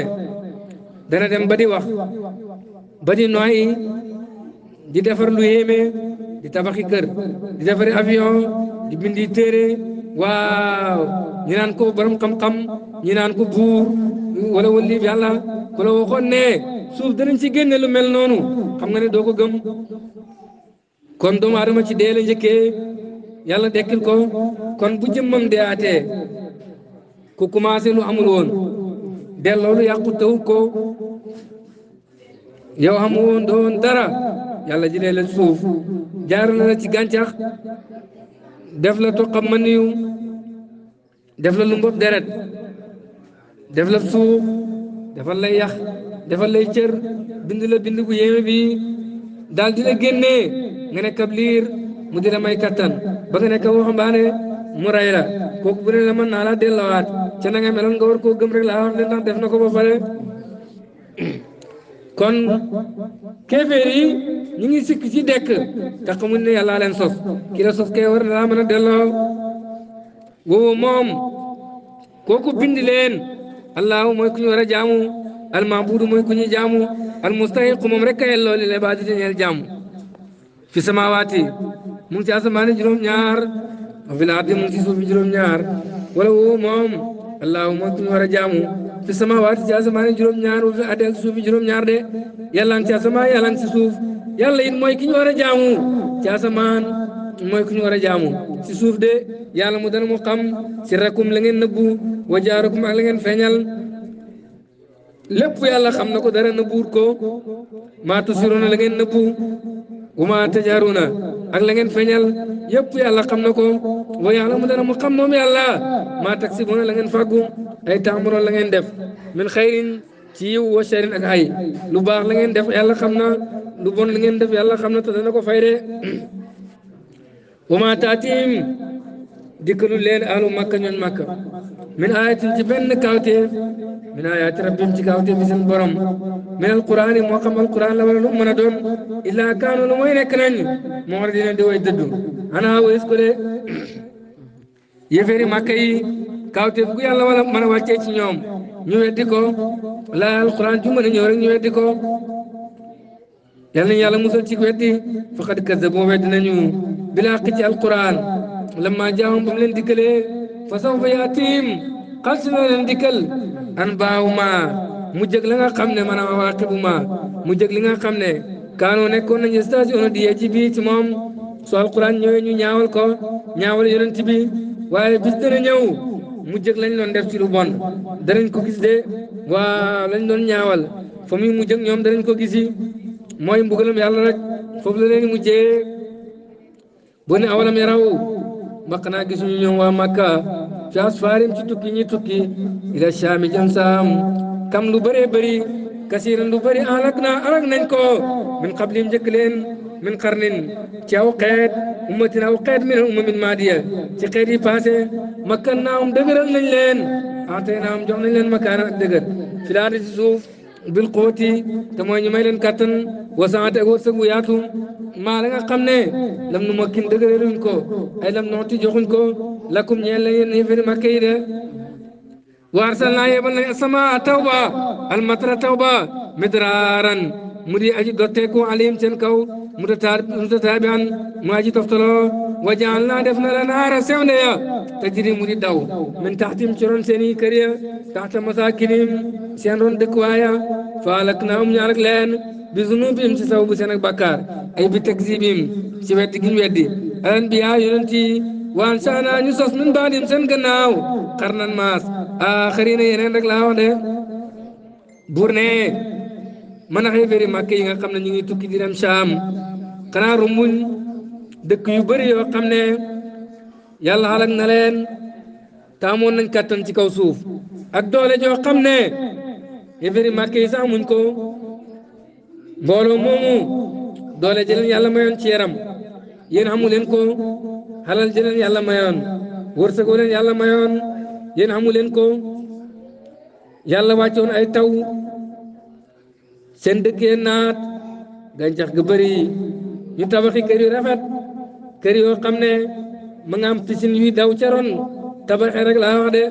dana dem ba di wax ba di noyyi di defar lu yéeme di tabaxi kër di defari avion di bindi téere waaw ñi ko borom xam-xam ñi naan ko buur wala wali yàlla ku la waxoon ne suuf danañ ci génne lu mel noonu xam nga ne doo ko gëm kon doomu aadama ci dee la yàlla dekkil ko kon bu jëmmam dee ku commencé lu amul woon delloo yàqu taw ko. yow xamu woon doon dara yàlla jëlee la suuf jaar na la ci gàncax def la toqam ma niyu def la lu mbot deret def la suuf defal lay yax defal lay cër bind la bind bu yéeme bi daal di la génnee nga nekk ab liir mu dina may kattan ba nga nekk waxambaane mu rey la kooku bu ne la mën naa la delloowaat ca na nga meloon nga war koo gëm rek laa wax ne ndax def na ko ba pare kon kéeféer yi ngi sikk ci dekk te xamuñ ne yàllaa leen sos ki sos kay war na laa a delloo boobu moom kooku bind leen allahu war a jaamu almaabudu mooy ku ñu jaamu almustahiqu moom rek a yelloo li la baadi jaamu fi samaawaati mu ngi ci asamaani juróom-ñaar wa fil ardi mu ngi suufi juróom-ñaar wala woowu moom allahu mooy war a jaamu fi samaawaati ci asamaan juróom-ñaar wa fi ardi ak suuf juróom-ñaar de yàlla ngi ci asamaan yàlla ngi ci suuf yàlla it mooy ki ñu war a jaamu ci asamaan mooy ku ñu war a jaamu si suuf de yàlla mu dana mu xam si rakum la ngeen nëbbu wa jaarakum ak la ngeen feeñal lépp yàlla xam na ko dara nëbbuut ko maa tusiroona la ngeen nëbbu wa maa tajaaruuna ak la feeñal yëpp yàlla xam na ko wa yàlla mu dana mu xam moom yàlla maa taksibuna la ngeen fàggu ay taamuroon la ngeen def min xayrin ci yiw wa sharin ak ay lu baax la ngeen def yàlla xam na lu bon la ngeen def yàlla xam na te dana ko fay de wa maa taatihim dikkalu leen alu makka ñooñ makka min ayatin ci benn kawteef min ayaati rabbim ci kawteef bi seen borom min alquran yi moo xam alquran la wala lu mën a doon illaa kaanu lu mooy nekk nañ moo war di di way dëddu ana wayis ko de yéeféeri màkka yi kaawteef gu yàlla wala mën a wàccee ci ñoom ñu weddi ko la alquran ju mën a ñëw rek ñu weddi ko yal nañu yàlla musal ci weddi faqad kazzabu weddi nañu bilaa ci alquran lamma jaahum ba mu leen dikkalee fa sawfa yaatiim xal si na leen dikkal an baawu ma mu jëg la nga xam ne maanaam waaqibu ma mu jëg li nga xam ne kaan kaanoo nekkoon nañu station di yee ci bii ci moom su alquran ñëwee ñu ñaawal ko ñaawal yonent bi waaye bis dana mu jëg lañu doon def ci lu bon ko gis de waa lañ doon ñaawal fa muy mu jëg ñoom danañ ko gisi mooy mbugalam yàlla rek foofu la leen mujjee boo ne awalam yaraw ba xanaa gisuñu ñoom waa Makka fi asfaarim ci tukki ñi tukki ila Saami jëm saam kam lu bëree bëri kasiiran lu bëri alak naa alak nañ ko min qablim njëkk leen min qarnin ci aw xeet ummatin aw xeet min umamin maadiya ci xeet yi passé makkan naa am dëgëral nañ leen entey naa jox nañ leen makkaan ak dëgër fi laa ci suuf bil xooti te mooy ñu may leen kattan wasaante ak wërsëg bu yaatu maa la nga xam ne lam nu makkin dëgëraluñ ko ay lam nooti joxuñ ko lakum ñeel la yéen yëfiri makke yi de wa arsalnaa yebal nañ asamaa tawba almatara tawba midraaran mu di aji dotteeku alayhim seen kaw mu ta taabian mu aji toftaloo wa jaal naa def na la naara sew ne ya te jiri mu di daw min taxtim ci ron seen i kër ya taxta masaakinim seen ron dëkkuwaaya fa alak naa um ñaarak leen bi zunubihim ci saw bu seen ak bakkaar ay bi takzibihim ci weddi giñ weddi alan biyaa yonent yi waan saanaa ñu sos min baadim seen gannaaw xarnan maas a xarina yeneen rek laa wax de buur man a xeeféeri màkk yi nga xam ne ñu ngi tukki di dem Saam xanaa rumuñ dëkk yu bëri yoo xam ne yàlla xalak na taamoon nañ kattan ci kaw suuf ak doole joo xam ne xeeféeri màkk yi sax amuñ ko mbooloo moomu doole jëleen yàlla mayoon ci yaram yéen xamu leen ko xalal jëleen yàlla mayoon wërsëgoo leen mayoon yéen xamu leen ko yàlla wàccoon ay taw seen dëkk ya naat gàncax gu bëri ñu tabaxi kër yu rafet kër yoo xam ne ma nga am piscine yuy daw ca tabaxe rek laa de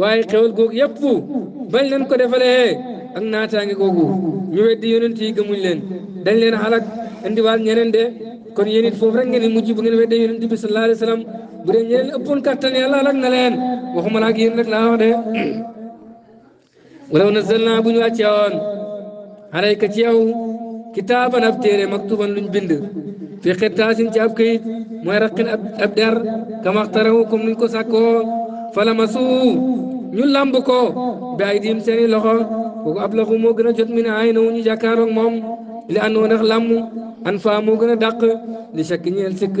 waaye xewal googu yëpp bañ leen ko defalee ak ngi googu ñu weddi yonent yi gëmuñ leen dañ leen xalak indiwaat ñeneen de kon yéen it foofu rek ngeen di mujj bu ngeen weddee yonent bi sallallahu alayhi wa sallam bu dee ñeneen ëppoon kattan yàlla na leen waxuma la ak yéen rek laa wax de *clears throat* walaw nazzalnaa bu ñu wàcceewoon alayka ci yow kitaaban ab téere maktuban luñ bind fi xirtaasin ci ab këyit mooy raqin ab der kamaxtarawu comme nuñ ko sàkkoo falamasu ñu lamb ko bi ay diim seeni loxo kooku ab laxu moo gën a jot mi ne ay na wu ñu jàkkaaroog moom li àndoon ndax làmm an faa moo gën a dàq li chakk ñeel sikk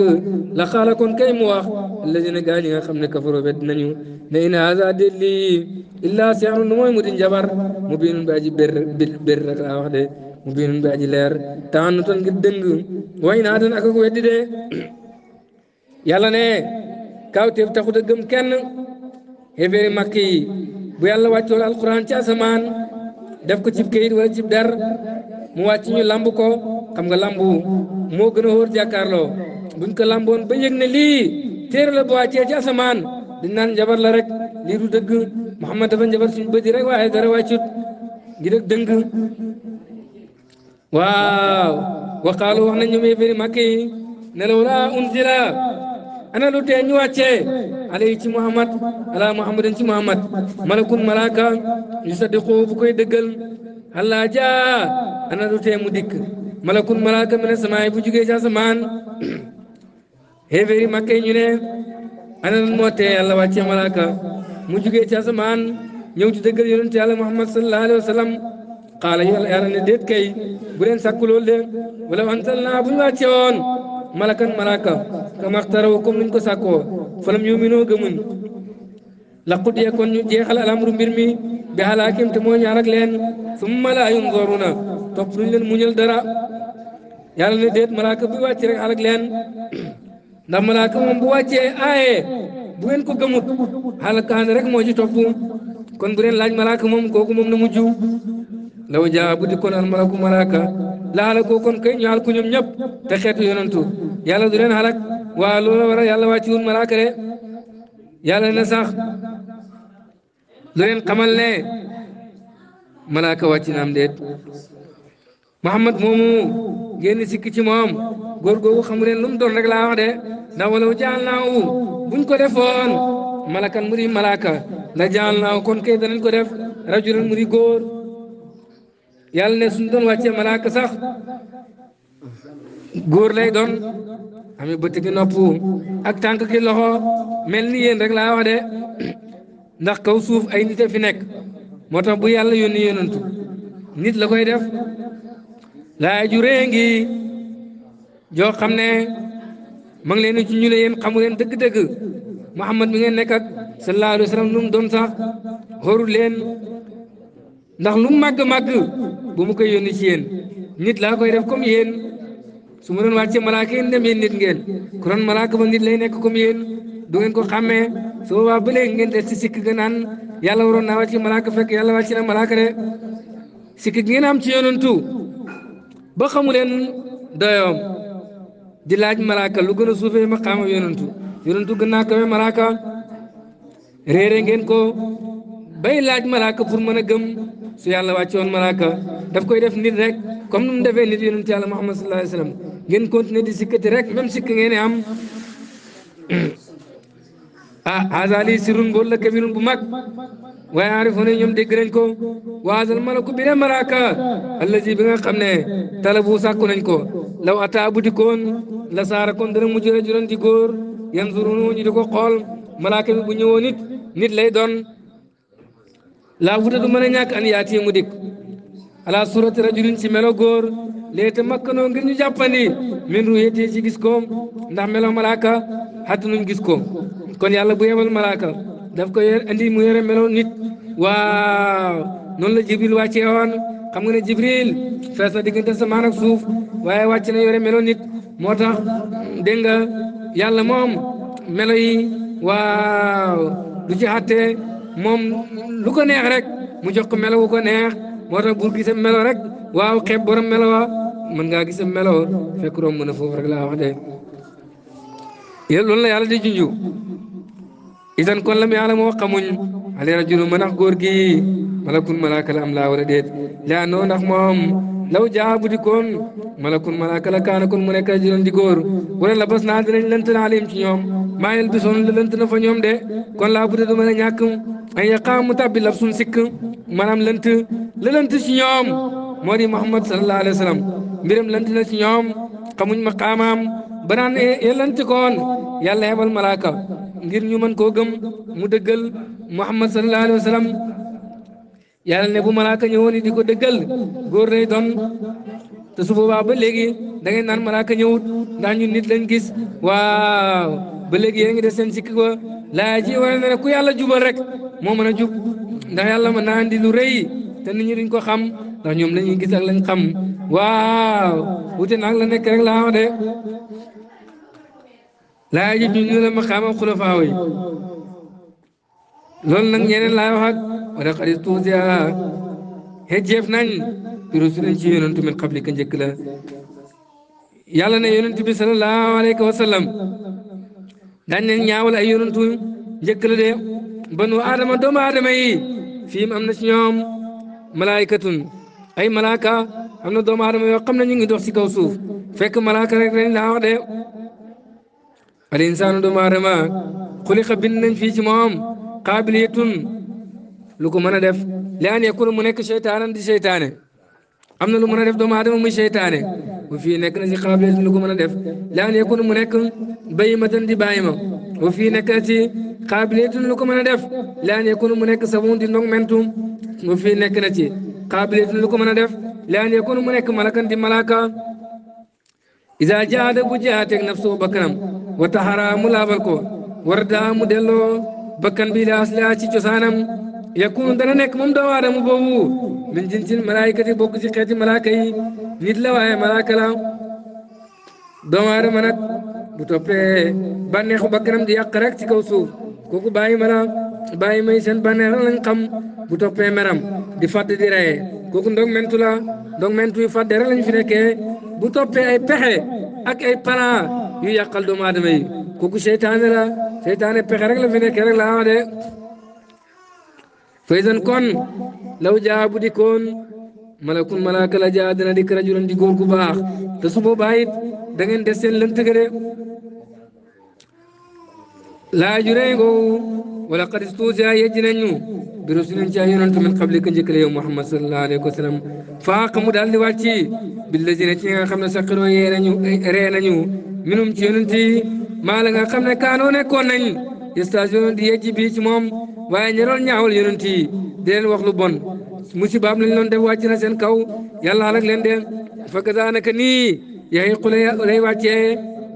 la xaala kay mu wax la dina gaa ñi nga xam ne kafaroo bet nañu ne in haza déet lii illaa seexnu nu mooy mu di njabar mu biinun bi aji bér bér rek laa wax de mu biinun bi aji leer taxannu tan ngir dëng way naa tan ak ak weddi de *clears throat* yàlla ne kawteef taxut a gëm kenn xébéeri màkk yi bu yàlla wàccoon alquran ci asamaan def ko cib kayit wala cib dar mu wàcc ñu lamb ko xam nga lambu moo gën a wóor jàkkaarloo buñ ko lamboon ba yëg ne lii téere la bu wàccee ci asamaan li naan njabar la rek lii du dëgg Muhammad dafa njabar suñu bëdi rek waaye dara wàccut gi rek dëng waaw waqaalu wax nañ ñoom yéféri màkk yi ana lu tee ñu wàccee alayhi ci Muhammad ala Muhammadin ci Muhammad malakun malaka yusaddiqu bu koy dëggal allah jaa ana lu tee mu dikk malakun malaka mine samaay bu jugee ci asamaan *clears throat* yéféri màkk yi ana lan moo tee yàlla wàccee malaaka mu jugee ci asamaan ñëw ci dëggal yonent yàlla muhammad sallallahu alayhi wa sallam xaala yàlla ne déet kay bu leen sàkku loolu de wala antal naa bu ñu wàccee woon malakan malaaka kama axtaraw comme nuñ ko sàkkoo falam yuminoo gëmuñ la qudiya kon ñu jeexal alamru mbir mi bi halaakim te moo ñaar ak leen summa laa yunzaruna topp duñ leen muñal dara yàlla ne déet malaaka bi wàcc rek halak leen ndax malaaka moom bu wàccee aaye bu ngeen ko gëmut xalakaane rek moo ci topp kon bu leen laaj malaaka moom kooku moom na mujj la jaa bu dikkoon al malaku malaaka la halakoo kon kay ñu halku ñoom ñëpp te xeetu yonantu yàlla du halak waa loola wara yàlla wàcci wun malaaka de yàlla na sax lu xamal ne malaaka wàcc na am Muhammad moomu ngeen sikki moom góor googu xamu leen lu mu doon rek laa wax de ndax walaw jaal naawu buñ ko defoon malakan mu di malaaka la jaal naaw kon kay danañ ko def rajulan mu di góor yàlla ne suñu doon wàccee malaaka sax góor lay doon amee bët nopp ak tànk ki loxo mel ni yéen rek laa wax de *clears throat* ndax kaw suuf ay nit a fi nekk moo tax bu yàlla yónni yónantu nit la koy def laay ju réengi joo xam ne man ngi leen ci ñu ne xamu leen dëgg-dëgg Muhammad mi ngeen nekk ak sallallahu alayhi wa lu mu doon sax xóorul leen ndax lu mu màgg-màgg bu mu koy yónni ci yéen nit laa koy def comme yéen su ma doon wàccee malaaka yéen dem yéen nit ngeen ku doon malaaka ba nit lay nekk comme yéen du ngeen ko xàmmee su boobaa ba léegi ngeen des ci sikk ga naan yàlla waroon naa wàcce malaaka fekk yàlla wàcce na malaaka de sikk gi ngeen am ci yoonantu ba xamu leen doyoom di laaj malaaka lu gën ma suufee maqaama yonantu yonantu naa kawe malaaka réere ngeen ko bay laaj malaaka pour mën a gëm su yàlla wàcce woon malaaka daf koy def nit rek comme nu mu defee nit yonantu yàlla muhammad sallallahu alayhi ngeen continuer di sikkati rek même sikk ngeen am ah azali sirrun góor la kabirun bu mag waaye aarifoon ñoom dégg nañ ko waazal malaku bi ne malaaka allazi bi nga xam ne talabu sàkku nañ ko law ata bu dikkoon la saara kon dana mujj rajulan di góor yanzurunu ñu di ko xool malaaka bi bu ñëwoon nit nit lay doon laa wuta du mën a ñàkk an yaati mu dikk ala surati rajulin si melo góor léete makkanoo ngir ñu jàppandi min ruyete ci gis ko ndax melo malaaka xattanuñ gis ko kon yàlla bu yebal malaaka daf ko yor andi mu yore melo nit waaw noonu la jibril wàcce woon xam nga ne jibril fees na diggante samaan suuf waaye wàcc na yore melow nit moo tax dégg yàlla moom melo yi waaw du ci moom lu ko neex rek mu jox ko melo wu ko neex moo tax buur gisam melo rek waaw xeeb borom melo wa mën ngaa gisam melo fekk romb na foofu rek laa wax de yéen loolu la yàlla di junju isan kon lam yàlla moo xamuñ ale rajulu ma ndax góor gi malakun malaaka la am laa wala déet laa noo ndax moom law jaa bu dikkoon malakun malaaka la kaana kon mu nekk rajulun di góor wala la bas naa dinañ lënt la alim ci ñoom maa yel bi soon lënt na fa ñoom de kon laa bu du mën a ñàkk ay yaqaam mu tàbbi lab suñ sikk maanaam lënt la lënt ci ñoom moo di Muhammad sallallahu alayhi wa sallam mbiram lënt na ci ñoom xamuñ maqaamaam banaan yellanti eh, eh, koon yàlla yebal ngir ñu mën koo gëm mu dëggal muhammad sallallahu alayhi wa sallam yàlla ne bu malaaka ñëwoon ni di ko dëggal góor lay doon te su boobaa ba léegi da ngeen naan malaaka ñëwut ndax ñu nit lañ gis waaw ba léegi yéen ngi def seen sikki ko laa ji wane na ku yàlla jubal rek moo mën a jub ndax yàlla ma naan di lu rëy te nit ñi duñ ko xam ndax ñoom la ñuy gis ak lañ xam waaw wute nag la nekk rek laa wax de laa yi ju ñu la maqaama xulafaa yi loolu nag ñeneen laa wax ak wala qad istuuziya xejjeef nañ bi rusulin ci yonentu min qabli ka njëkk la yàlla ne bi sallallahu alayhi wa sallam daañ ñaawal ay yonentu njëkk la de banu aadama doomu aadama yi fiim am na ci ñoom malaayikatun ay malaaka am na doom aadama yoo xam ne ñu ngi dox ci kaw suuf fekk malaaka rek lañ laa de al insaanu doomu aadama xuliqa bind nañ fii ci moom qaabiliyatun lu ko mën a def li an yakuna mu nekk seytaanan di seytaane am na lu mën a def doomu aadama muy seytaane wa fii nekk na ci qaabiliyatun lu ko mën a def li an yakuna mu nekk bayimatan di bàyyima wa fii nekk na ci qaabiliyatun lu ko mën a def li an yakuna mu nekk sabun di ndog mentu wa nekk na ci qaabiliyatun lu ko mën a def li an mu nekk malakan di malaaka iza jaada bu jaateeg nafsu bakkanam wa taxaraa mu laabal ko war daa mu delloo bakkan bi la asliha ci cosaanam yakunu dana nekk moom doomu aadama boobu min jinsil malaayikati bokk ci xeeti malaaka yi nit la waaye malaaka la doomu nag bu toppee banneexu bakkanam di yàq rek ci kaw suuf kooku bàyyi ma la bàyyi may seen bànneex lañ xam bu toppe meram di fàdd di reye kooku ndog mentu la ndog mentu yu fàdde rek lañ fi nekkee bu toppee ay pexe ak ay plan yu yàqal doomu aadama yi kooku seytaane la seytaane pexe rek la fi nekk rek la ama de faysan kon law jaa bu dikkoon malakun malaaka la jaa dina dikk rajulan di góor gu baax te su boobaa da ngeen des seen lënt ga de laa juree googu wala qad istuusiya yejji nañu bi rasulin ci ay yonent min qabli ka njëkkale yow muhammad sallallahu alayhi wa sallam faaqa mu daal di wàcci billazina ci nga xam ne saqiroo yee nañu minum ci yonent yi maa la nga xam ne kaanoo nekkoon nañ station di yegg ci bii ci moom waaye ñi doon ñaawal yonent yi di leen wax lu bon musibaam lañ loon def wàcc na seen kaw yàlla alak leen de fakk daanaka nii yaxiqu lay wàccee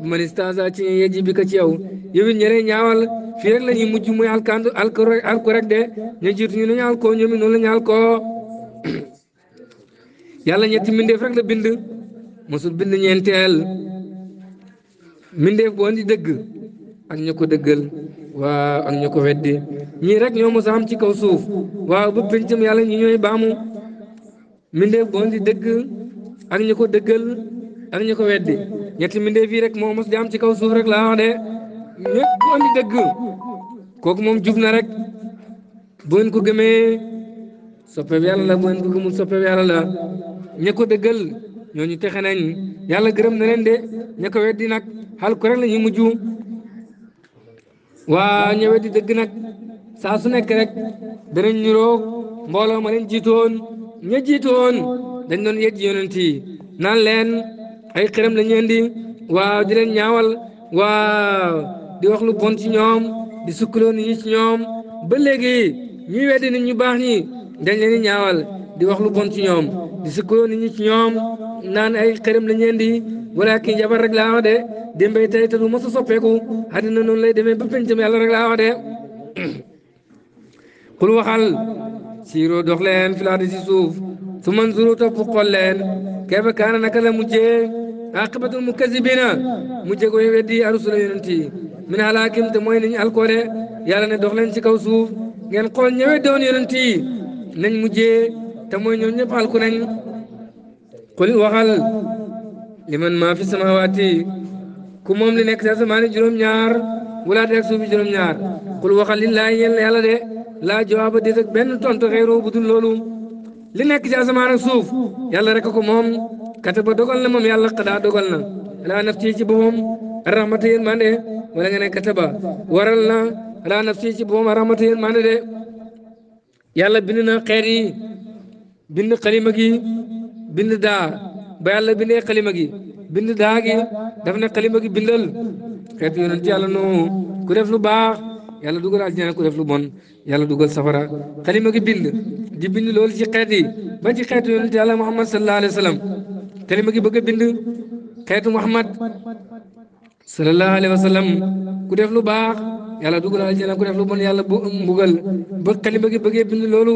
man istasa ci yegg bi ka ci yow yow it ñaawal fii rek la ñuy mujj muy alkandu alko alko rek de ñu jiitu ñu ne ñu alko ñoom it noonu la *coughs* yàlla ñetti mbindeef rek la bind mosul bind ñeenteel mbindeef bu andi dëgg ak ñu ko dëggal waaw ak ñu ko weddi ñii rek ñoo mos am ci kaw suuf waaw ba pencam yàlla ñi ñooy baamu mbindeef bu andi dëgg ak ñu ko dëggal ak ñu ko weddi ñetti mbindeef rek moo mos di am ci kaw suuf rek laa wax de ñëpp bu kooku moom jub na rek bu ngeen ko gëmee soppeeb yàlla la bu ngeen ko gëmul ñooñu texe nañ yàlla gërëm na de ña weddi nag. xal ku rek la ñu mujj waa ñëwe di dëgg nag saa su nekk rek danañ ñuroo mbooloo ma leen jiitoon ña jiitoon dañ doon yejj yonent yi naan leen ay xërëm la ñeen di waaw di leen ñaawal waa di wax lu bon ci ñoom di sukkaloo nit ñi ci ñoom ba léegi ñuy weddi nit ñu baax ñi dañ leen di ñaawal di wax lu bon ci ñoom di sukkaloo nit ñi ci ñoom naan ay xërëm la di wala kii jabar rek laa wax de démbay tay te du mos a soppeeku àddina noonu lay demee ba pencam yàlla rek laa wax de kul *clears throat* waxal siiroo dox leen filaade suuf su man zuru topp xool leen kayfa kaana naka la mujjee aqibatul mukazibina mujje koy weddi arusula yonent yi min halaakim te mooy nañ alkoole yàlla ne dox leen ci kaw suuf ngeen xool ñëwee doon yonent yi nañ mujjee te mooy ñoom ñëpp alku nañ qul waxal liman maa fi samaawaati ku moom li nekk ci asamaani juróom-ñaar walaat ak suufi juróom-ñaar qul waxal lillaahi ñeel na yàlla de laa jawaaba déet ak benn tontu xeyroo bu dul loolu li nekk ci asamaan ak suuf yàlla rek ko moom kata ba dogal na moom yàlla xadaa dogal na alaa nafsi ci boppam rahmata yéen mande wala nga ne kata ba waral na alaa nafsi ci boppam rahmata yéen mande de yàlla bind na xeer yi bind xalima gi bind daa ba yàlla bindee xalima gi bind daa gi daf ne xalima gi bindal xeetu yonent ku def lu baax yàlla dugal aljana ku def lu bon yàlla dugal safara xalima gi bind di bind loolu ci xeet ba ci xeetu yonent yàlla muhammad sallallahu alayhi wa sallam xalima gi bëgg a bind xeetu muhammad sallallahu alayhi wa ku def lu baax yàlla dugal aljana ku def lu bon yàlla mbugal ba xalima gi bëggee bind loolu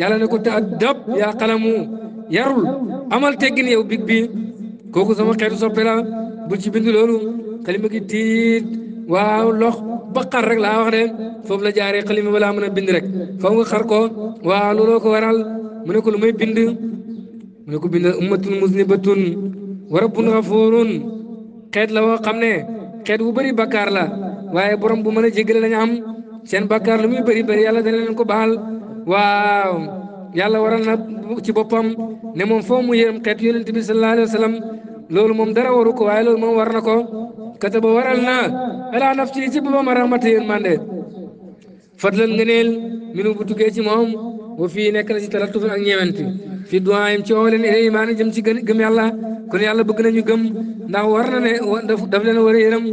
yàlla ne ko taadab yaa xalamu yarul amal teggin yow big bi kooku sama xeetu soppe bu ci bind loolu xalima gi tiit waaw lox ba xar rek la wax de foofu la jaaree xalima balaa mën a bind rek faw nga xar ko waaw looloo ko waral mu ne ko lu may bind mu ne ko bind ummatun musnibatun wa rabbun xafuurun xeet la woo xam ne xeet bu bëri bakkaar la waaye borom bu mën a jéggale lañu am seen bakkaar lu muy bëri bëri yàlla dana ko baal waaw yàlla waral na ci boppam ne moom foo mu yërëm xeet yonent bi sallallahu alayhi wa loolu moom dara waru ko waaye loolu moom war na ko kataba waral na ala nafsi ci boppam rahmata yéen mande fadlan ngëneel minu bu tukkee ci moom ba fii nekk na ci talattufan ak ñeewante fii duwaayam ci oo leen ilay jëm ci gëm yàlla kon yàlla bëgg ñu gëm ndax war na ne daf leen war a yërëm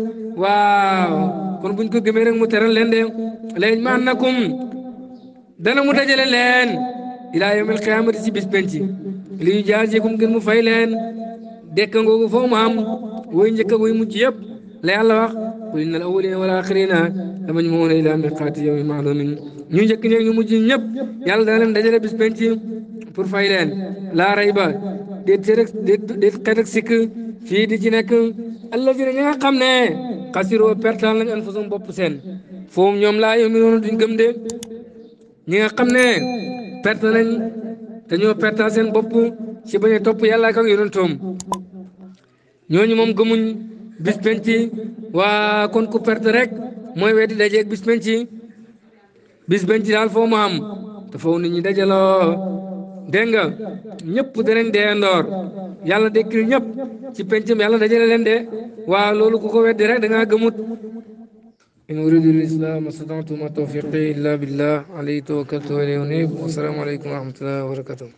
waaw kon buñ ko gëmee rek mu teral leen de leen maanakum dana mu dajale ilaa yawmil qiyaamati ci bis penc li yu jaar ci kum ngir mu fay leen dekk ngoogu foo am woy njëkk ak woy mujj yëpp la yàlla wax qul inna al awwalina wal axirina lamajmuuna ilaa miqaati yawmin maalumin ñu njëkk ñeeg ñu mujj ñëpp yàlla dana leen dajale bis penc pour fay leen laa rayba ba rek déet xet sikk fii di ci nekk allazina ñi nga xam ne xasiroo pertaan lañ anfusum bopp seen foofu ñoom laa yominoon duñ gëm de ñi nga xam ne perte nañ dañoo pertal seen bopp ci bañ a topp yàlla ak yonentoom ñooñu moom gëmuñ bis penc waa kon ku perte rek mooy weddi dajeeg bis penc bis penc daal foo mu am dafa nit ñi dajaloo dégg nga ñëpp danañ dee ndoor yàlla dekkil ñëpp ci pencam yàlla dajale leen de waaw loolu ku ko weddi rek da gëmut إن أريد الإسلام ما استطعت ما توفيقي إلا بالله عليه توكلت وإليه أنيب والسلام عليكم ورحمة الله وبركاته